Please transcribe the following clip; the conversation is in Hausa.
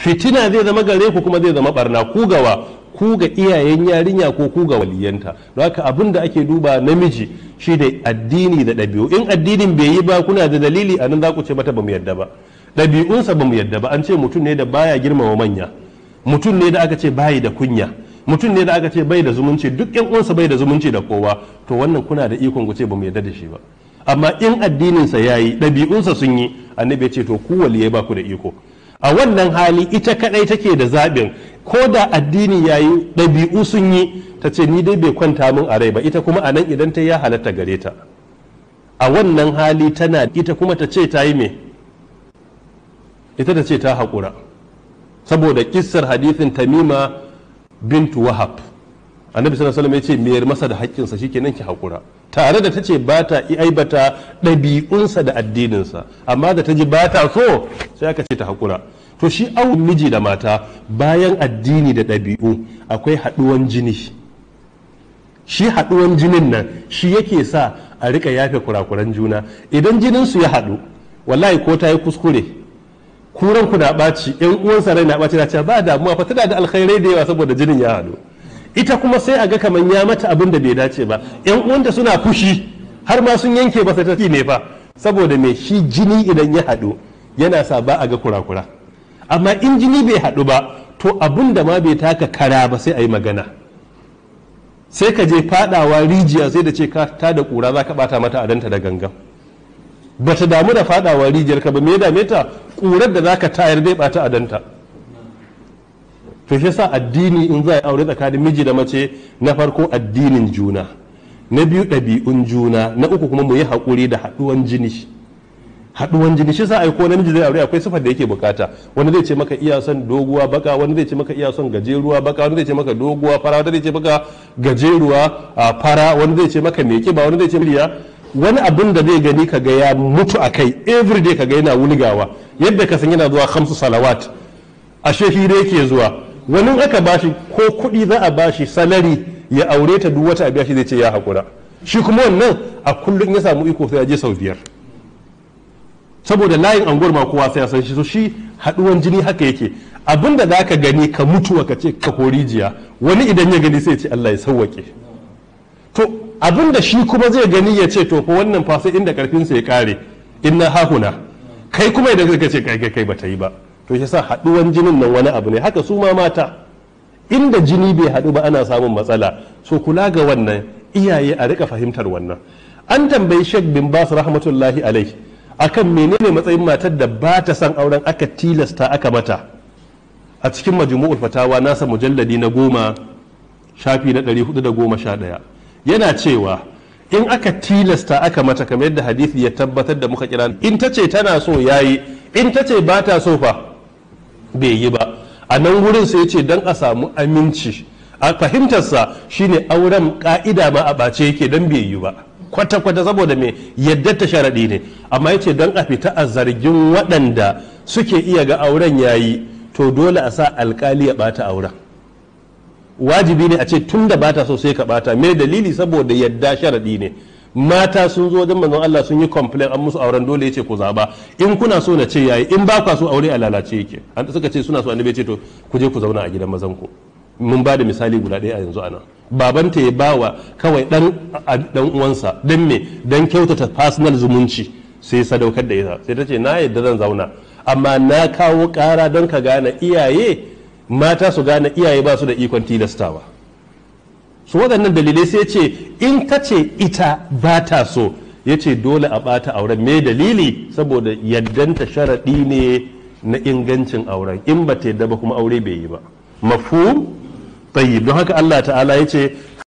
fitina zai zama gare ku kuma zai zama barna ku gawa ku ga iyayen yarinya ko ku ga waliyanta don haka abin da ake duba namiji shi da addini da ɗabi'u in addinin bai yi ba kuna da dalili a nan za ku ce mata ba mu yadda ba ɗabi'unsa ba mu yadda ba an ce mutum ne da baya girmama manya mutum ne da aka ce bayi da kunya mutum ne da aka ce bai da zumunci duk yan uwansa bai da zumunci da kowa to wannan kuna da ikon ku ce ba mu yadda da shi ba amma in addininsa ya yi ɗabi'unsa sun yi annabi ya ce to ku waliye ba ku da iko a wannan hali ita kadai take da zaɓin ko da addini ya yi ɗabi'u sun yi ta ce ni dai bai kwanta min a rai ba ita kuma a nan idan ta ya halatta gare ta a wannan hali tana ita kuma ta ce ta yi me ita ta ce ta haƙura saboda kissar hadithin tamima bintu wahab annabi sallallahu alaihi wasallam ya ce meyar masa da haƙƙinsa shikenan ki haƙura tare da ta ce ba ta aibata ɗabi'unsa da addininsa amma da ta ji ba ta so sai aka ce ta haƙura to shi awon miji da mata bayan addini da ɗabi'u akwai haɗuwan jini shi haɗuwan jinin nan shi yake sa a rika yafe kurakuran juna idan jininsu ya haɗu wallahi ko ta yi kuskure kuran ku na ɓaci yan uwansa rai na ɓaci na ce ba damuwa fa tana da alkhairai da yawa saboda jinin ya haɗu ita kuma sai a ga kamar ya mata abin da bai dace ba yan uwanta suna fushi har ma sun yanke ba ta ne fa saboda me shi jini idan ya haɗu yana sa ba a ga kurakura amma in jini bai haɗu ba to abin da ma bai taka kara ba sai a yi magana sai ka je fadawa rijiya sai da ce ka ta da kura za ka bata mata adanta da gangan ba ta damu da fadawa rijiyar ka ba me dame ta kurar da za ka tayar zai bata adanta to shi sa addini in za a aure tsakanin miji da mace na farko addinin juna na biyu ɗabi'un juna na uku kuma mu yi haƙuri da haɗuwan jini haɗuwan jini shi sa ai ko namiji zai aure akwai sifar da yake bukata wani zai ce maka iya son doguwa baka wani zai ce maka iya son gajeruwa baka wani zai ce maka doguwa fara wani zai ce maka gajeruwa fara wani zai ce maka mai ba wani zai ce miliya wani abin da zai gani kaga ya mutu a kai everyday kaga yana wulgawa yadda ka san yana zuwa hamsu salawat ashe hira yake zuwa wani aka ba shi ko kuɗi za a bashi salari ya aure ta duk wata a shi zai ce ya haƙura shi kuma wannan a kullum ya samu iko sai ya je sau biyar saboda layin anguwar ma kowa sai ya san shi so shi haɗuwan jini haka yake abinda za ka gani ka mutuwa ka ce ka jiya wani idan ya gani sai ce Allah ya sauwake to abinda shi kuma zai gani ya ce to fa wannan fa sai inda karfinsa ya kare inna hahuna kai kuma idan ka ce kai kai ba ta yi ba to shi sa haɗuwan jinin nan wani abu ne haka su ma mata inda jini bai haɗu ba ana samun matsala so kula ga wannan iyaye a rika fahimtar wannan an tambayi sheikh bin basu rahmatullahi alai akan menene matsayin matar da ba ta son auren aka tilasta aka mata a cikin majmu'ul fatawa nasa mujalladi na goma shafi na 411 yana cewa in aka tilasta aka mata kamar yadda hadisi ya tabbatar da muka kira in ta ce tana so yayi in ta ce ba ta so fa bai yi ba a nan wurin sai ce don a samu aminci a fahimtarsa shine auren ka'ida ma a ɓace yake don bai yi ba kwata-kwata saboda mai yadda ta sharaɗi ne amma yace don a fita a zargin waɗanda suke iya ga auren yayi to dole a sa alkali ya ɓata auren wajibi ne a ce tun da bata so sai ka ɓata mai dalili saboda yadda sharaɗi ne mata sun zo wajen manzon Allah sun yi complain an musu auren dole yace ku zaba in kuna so na ce yayi in ba kwa so aure a lalace yake an suka ce suna so annabi ce to ku je ku zauna a gidan mazan ku mun ba da misali guda ɗaya a yanzu ana babanta ya bawa kawai dan dan uwansa dan me dan kyautata personal zumunci sai sadaukar da ita sai ta ce na yadda zan zauna amma na kawo kara don ka gane iyaye mata su gane iyaye ba su da ikon tilastawa su waɗannan dalilai sai ce in ka ce ita ba ta so ya ce dole a ɓata auren me dalili saboda yaddanta sharaɗi ne na ingancin auren in ba ta yadda ba kuma aure bai yi ba mafhum tayyib don haka Allah ta'ala ya ce